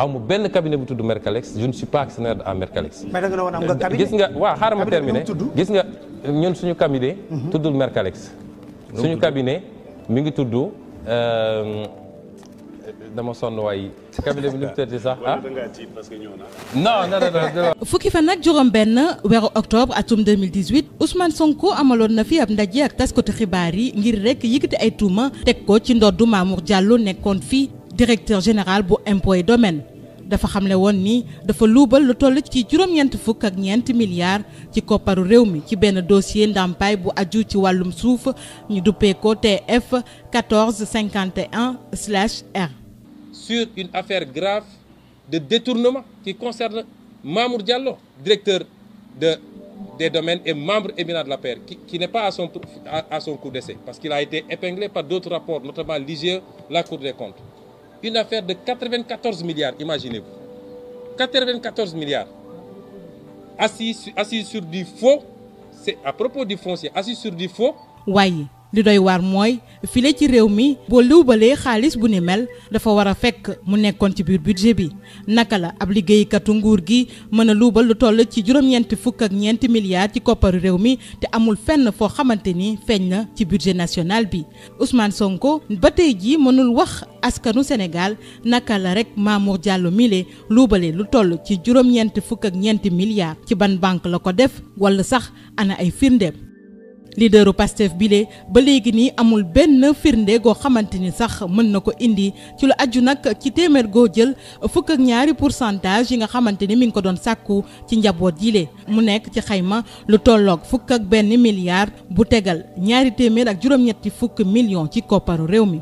aw ma benn cabinet bu tudd Mercalex je ne suis pas actionnaire à Mercalex. mais da gis nga waaw xaaral ma terminé gis nga ñun suñu cabinet. Mhm. tuddul Mercalex. suñu cabinet mi ngi tudd. Euh, dama sonn waay cabinet bi nu mu sax ah. non fukki fan ak juróom-benn weeru octobre atum 2018 Ousmane Sonko amaloon na fi ab ndaje ak taskatu xibaar yi ngir rek yëkkati ay tuuma teg ko ci ndoddu Mamour Diallo nekkoon fi directeur général bu impôt et domaine. dafa xamle woon ni dafa luubal lu toll ci juróom-ñeent fukk ak ñeenti milliards ci kopparu réew mi ci benn dossier ndàmpaay bu aju ci wàllum suuf ñu duppee ko TF 1451 slash R. sur une affaire grave de détournement qui concerne Mamour Diallo directeur de des domaines et membre éminent de l'APR qui, qui n'est pas à son à, à son coup d'essai parce qu'il a été épinglé par d'autres rapports notamment l'IGE la Cour des comptes une affaire de 94 milliards, imaginez-vous. 94 milliards. Assis, assis sur du faux, c'est à propos du foncier, assis sur du faux. li doy waar mooy file ci réew mi boo luubalee xaalis bu ni mel dafa war a fekk mu nekkoon ci biir budget bi naka la ab liggéeykatu nguur gi mën a luubal lu toll ci juróom fukk ak ñeenti milliards ci kopparu réew mi te amul fenn foo xamante ni feeñ na ci budget national bi Ousmane Sonko ba tey jii mënul wax askanu Sénégal naka la rek Mamour jàll mile luubale lu toll ci juróom fukk ak ñeenti milliards ci ban banque la ko def wala sax ana ay firndeem leaderu Pastef bile ba léegi nii amul benn firnde goo xamante ni sax mën na ko indi ci lu aju nag ci téeméer goo jël fukk ak ñaari pourcentage yi nga xamante ni mi ngi ko doon sàkku ci njaboot yile mu nekk ci xayma lu tolloog fukk ak benn milliard bu tegal ñaari téeméer ak juróom-ñetti fukk million ci kopparu réew mi.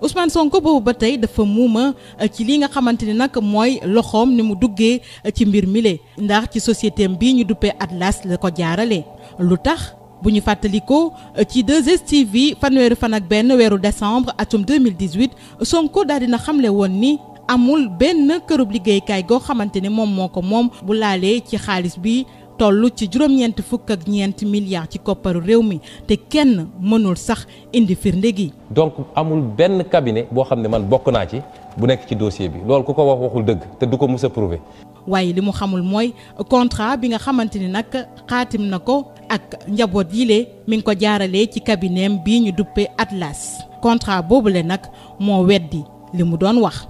Ousmane Sonko boobu ba tey dafa muuma euh, ci li nga xamante ni nag mooy loxoom ni mu duggee euh, ci mbir mile ndax ci société am bii ñu duppee Atlas la ko jaarale lu tax bu ñu fàttalikoo euh, ci 2STV fanweeri fan ak benn weeru décembre atum 2018 Sonko daal dina xamle woon ni amul benn këru liggéeykaay goo xamante ni moom moo ko moom bu laalee ci xaalis bi toll ci juróom fukk ak ñeenti milliards ci kopparu réew mi te kenn mënul sax indi firnde gi. donc amul benn cabinet boo xam ne man bokk naa ci bu nekk ci dossier bi loolu ku ko wax waxul dëgg te du ko mës a prouver. waaye li mu xamul mooy contrat bi nga xamante ni nag xaatim na ko ak njaboot yi le mi ngi ko jaaralee ci cabinet bii ñu duppee Atlas contrat boobu le nag moo weddi li mu doon wax.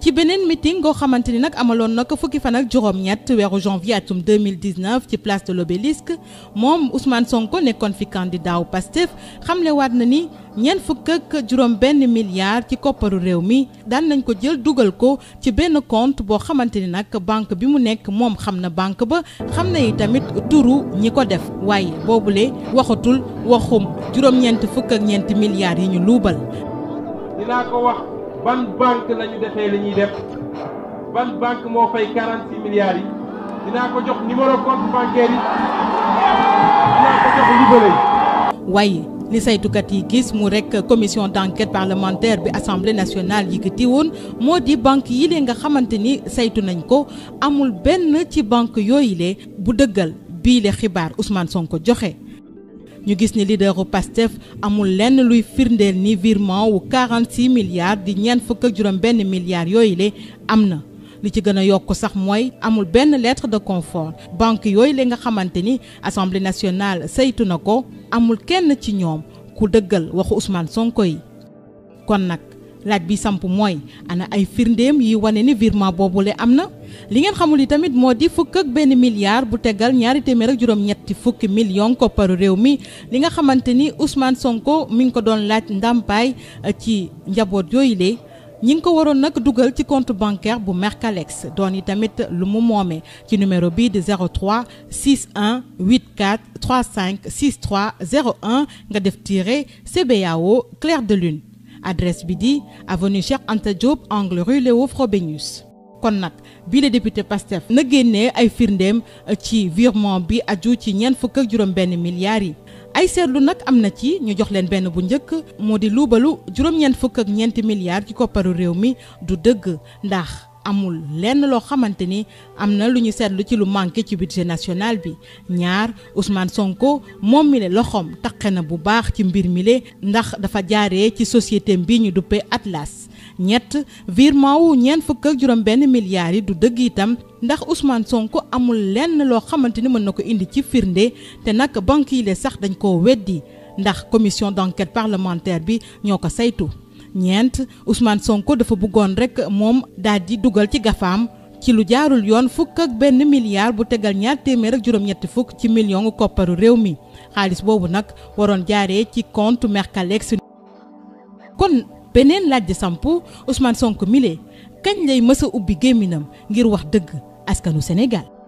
ci beneen meeting goo xamante ni nag amaloon na fukki fan ak juróom-ñett weeru janvier atum 2019 ci place de l'obélisque moom Ousmane Sonko nekkoon fi candidat wu Pastef waat na ni ñeent fukk ak juróom ci kopparu réew mi daan nañ ko jël dugal ko ci benn compte boo xamante ni nag banque bi mu nekk moom xam na banque ba xam na yi tamit turu ñi ko def waaye boobule waxatul waxum juróom fukk ak ñeent milliards yi ñu luubal ban banque la defee li ñuy def ban banque moo fay 46 yi dinaa ko jox numéro compte bancaire yi waaye li saytukat yi gis mu rekk commission d'enquête parlementaire bi assemblée nationale yi yëkkati moo di bank yi lee nga xamante ni saytu nañ ko amul benn ci bank yooyu bu dëggal bii le xibaar son ko joxe. ñu gis ni leaderu Pastef amul lenn luy firndeel ni virement wu 46 milliards di ñeent fukk ak juróom benn milliards yooyu le am na li ci gën a yokk sax mooy amul benn lettre de confort banque yooyu la nga xamante ni assemblée nationale seytu na ko amul kenn ci ñoom ku dëggal waxu usmaan Sonko yi kon nag laaj bi samp mooy ana ay firndeem yi wane ni boobu boobule am na li ngeen xamul yi tamit moo di fukk ak benn milliard bu tegal ñaari téeméer ak juróom-ñetti fukki million kopparu réew mi li nga xamante ni Ousmane Sonko mi ngi ko doon laaj ndàmpaay eh, ci njaboot yooyu lee ñi ngi ko waroon nag dugal ci compte bancaire bu Mercalex doon yi tamit lu mu moome ci numéro bi di 03 61 84 35 63 01 nga def tiré CBAO Clair de Lune. adres bi di avenue Cheikh Anta Diop angle rue Léo Frobenius kon nag bii la député Pastef na génnee ay firndeem euh, ci virement bi aju ci ñeent fukk ak juróom milliards yi ay seetlu nag am na ci ñu jox leen benn bu njëkk moo di luubalu juróom-ñeent ñeenti milliards ci kopparu réew mi du dëgg ndax amul lenn loo xamante ni am na lu ñu seetlu ci lu manqué ci budget national bi ñaar Ousmane Sonko moom loxoom taqe na bu baax ci mbir mi ndax dafa jaaree ci société bi ñu duppee Atlas ñett virement wu ñeent fukk ak juróom milliards yi du dëgg itam ndax usmaan Sonko amul lenn loo xamante ni mën na ko indi ci firnde te nag banque sax dañ koo weddi ndax commission d'enquête parlementaire bi ñoo ko saytu ñeent usmaan Sonko dafa bëggoon rek moom daal di dugal ci gafaam ci lu jaarul yoon fukk ak benn milliard bu tegal ñaar téeméer fukk ci million kopparu réew mi xaalis boobu nag waroon jaaree ci compte Mercalex kon beneen laaj di samp Ousmane Sonko mile kañ lay mës a ubbi gémminam ngir wax dëgg askanu Sénégal